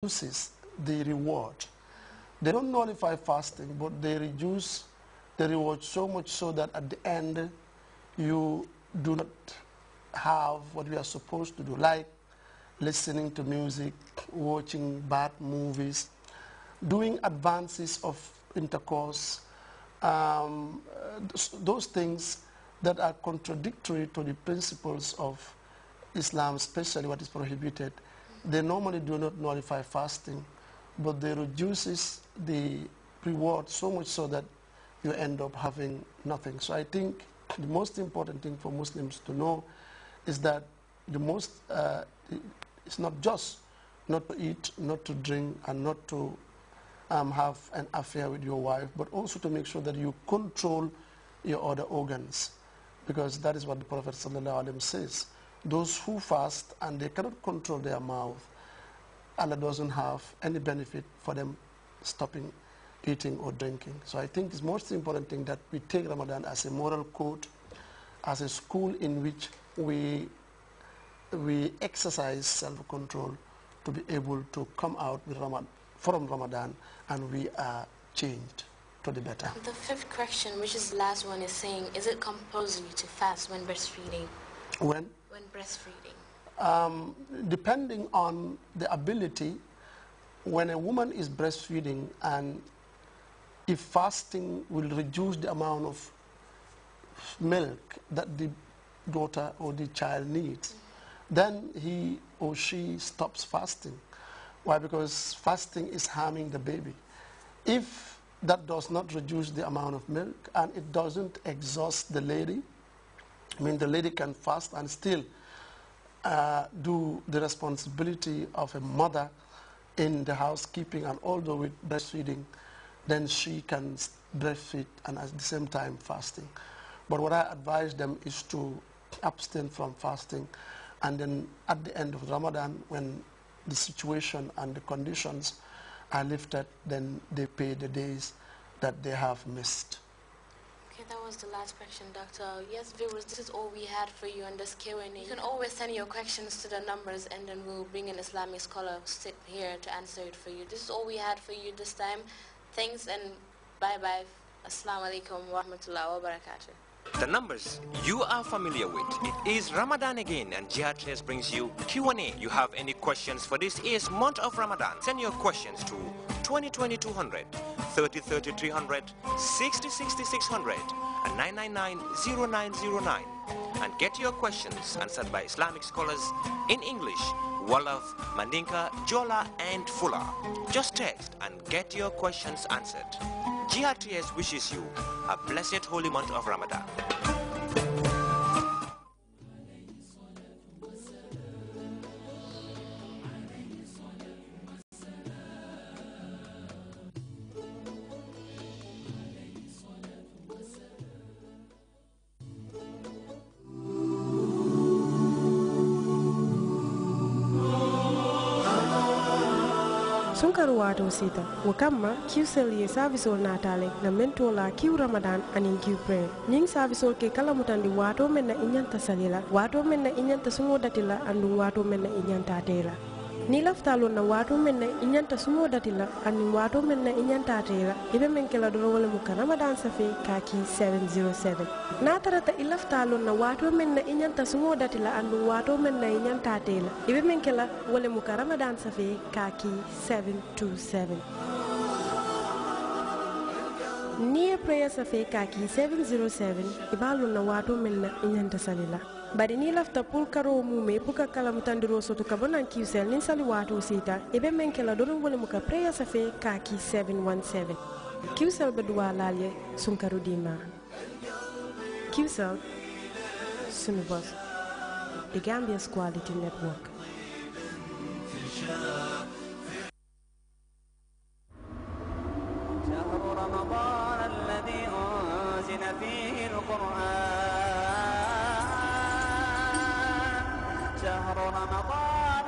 reduces the reward. They don't nullify fasting, but they reduce the reward so much so that at the end you do not have what we are supposed to do, like listening to music, watching bad movies, doing advances of intercourse, um, those things that are contradictory to the principles of Islam, especially what is prohibited they normally do not nullify fasting, but they reduces the reward so much so that you end up having nothing. So I think the most important thing for Muslims to know is that the most, uh, it's not just not to eat, not to drink, and not to um, have an affair with your wife, but also to make sure that you control your other organs, because that is what the Prophet ﷺ says those who fast and they cannot control their mouth, Allah doesn't have any benefit for them stopping eating or drinking. So I think it's most important thing that we take Ramadan as a moral code, as a school in which we, we exercise self-control to be able to come out with Ramadan, from Ramadan and we are changed to the better. The fifth question, which is the last one, is saying, is it compulsory to fast when breastfeeding? When? when breastfeeding? Um, depending on the ability, when a woman is breastfeeding and if fasting will reduce the amount of milk that the daughter or the child needs, mm -hmm. then he or she stops fasting. Why? Because fasting is harming the baby. If that does not reduce the amount of milk and it doesn't exhaust the lady, I mean, the lady can fast and still uh, do the responsibility of a mother in the housekeeping and although with breastfeeding, then she can breastfeed and at the same time fasting. But what I advise them is to abstain from fasting and then at the end of Ramadan when the situation and the conditions are lifted, then they pay the days that they have missed that was the last question, Doctor. Yes, viewers, this is all we had for you on this Q&A. You can always send your questions to the numbers and then we'll bring an Islamic scholar sit here to answer it for you. This is all we had for you this time. Thanks and bye-bye. Assalamu alaikum wa rahmatullahi wa barakatuh. The numbers you are familiar with. It is Ramadan again and Jihad Trace brings you Q&A. You have any questions for this year's month of Ramadan? Send your questions to 2020 30 30 300, 60 60 600, and 999 0909. And get your questions answered by Islamic scholars in English, Wolof, Mandinka, Jola, and Fula. Just text and get your questions answered. GRTS wishes you a blessed holy month of Ramadan. sunkaru waato sita wo kamma kiw sel ye savisol naatale na mentola kiu ramadan anin kiw prayer ñing savisol ke kala mutandi waato menna na i ñanta salila waato menna na i ñanta suŋo datila andum waato men na i ñanta ni laftalonna wato men na i ñanta sumo dati la anin wato men na i ñantate la iɓe men kela doro wala mu kanama dan safe kaki 707 na tarata i laftalonna wato men na i ñanta sumo dati la anin wato men na i ñantate la iɓe men kela wala mu kanama dan safe kaki 727 ni ye prayer safe kaki 707 i b'a lon na waato min na i ɲanta sali la bari ni lafta pul karo mume puka kala mutandiro soto ka kiusel nin sali wato sita ibe men kela doron wole muka preya safe kaki 717 kiusel be lalye sun karo dima kiusel sunu boss the gambia's quality network شهر رمضان الذي أنزل فيه القرآن شهر رمضان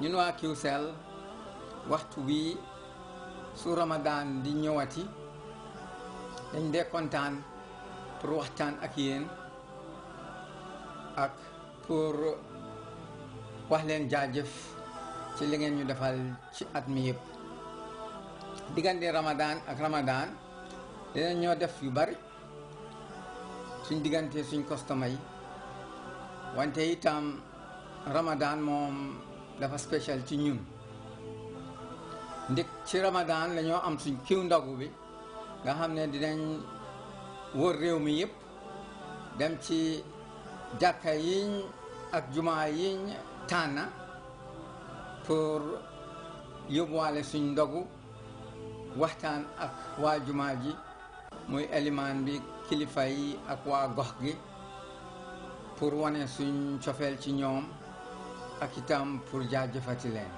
ñun waa Qcell waxtu wii su ramadaan di ñëwati dañ dee kontaan pour waxtaan ak yéen ak pour wax leen jaajëf ci li ngeen ñu defal ci at mi yépp diggante Ramadan ak Ramadan dina ñoo def yu bari suñ diggante suñ customer yi wante itam Ramadan moom dafa spécial ci ñun ndik ci Ramadan lañoo am suñ kiw ndogu bi nga xam ne dinañ wër réew mi yëpp dem ci jàkka yiñ ak jumaa yiñ tànna pour yóbbuwaale suñ ndogu waxtaan ak waa jumaa ji muy elimaan bi kilifa yi ak waa gox gi pour wane suñ cofeel ci ñoom ak itam pour jaajëfati leen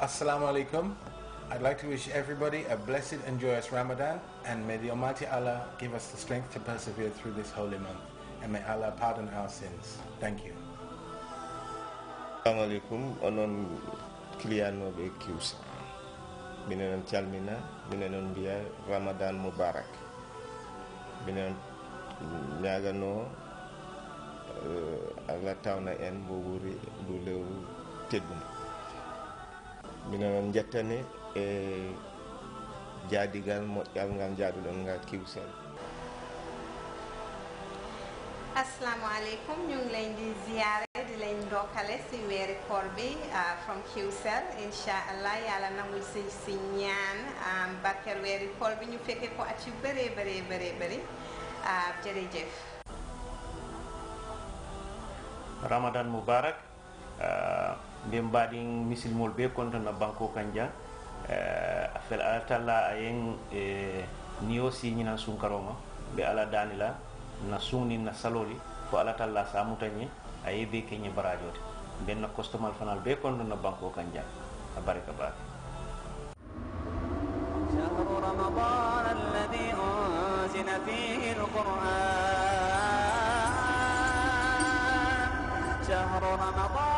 Assalamu alaikum. I'd like to wish everybody a blessed and joyous Ramadan and may the Almighty Allah give us the strength to persevere through this holy month and may Allah pardon our sins. Thank you. Assalamu alaikum. Onon be kiusa. mbine noon calmina mbine noon mbiya ramadan moubarak mbine noon ñagano euh, allah tawna en mbo wuri ndu lewru teddum mbine noon jettani e jaadigal moƴƴal ngal jaaduɗon ngal kiw sen Assalamualaikum, ñu ngi lay di ziaré di lay ndokalé si wéri koor bi from Qcell incha allah yàlla nangul si ci ñaan um, barké wéri koor bi ñu féké ko at béré béré béré ah jéré jërëjëf ramadan mubarak uh, mbe mbaɗin misilmol be na banko kanja uh, afel alatalla ayen ñina eh, sun karoma be ala danila na suuni na saloli fo alatalla samuta ñe a ye be keñe barajote nden na costomal fanal be kondo na banko kan jang a barika baake رمضان الذي أنزل فيه القرآن شهر رمضان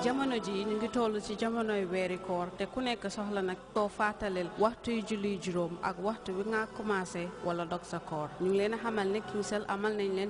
jamono ji ñu ngi toll ci jamonoy weeri koor te ku nekk soxla nag koo fàttalil waxtu yu julli juróom ak waxtu bi nga commencé wala dogsa koor ñu ngi leen a xamal ne Qcell amal nañ leen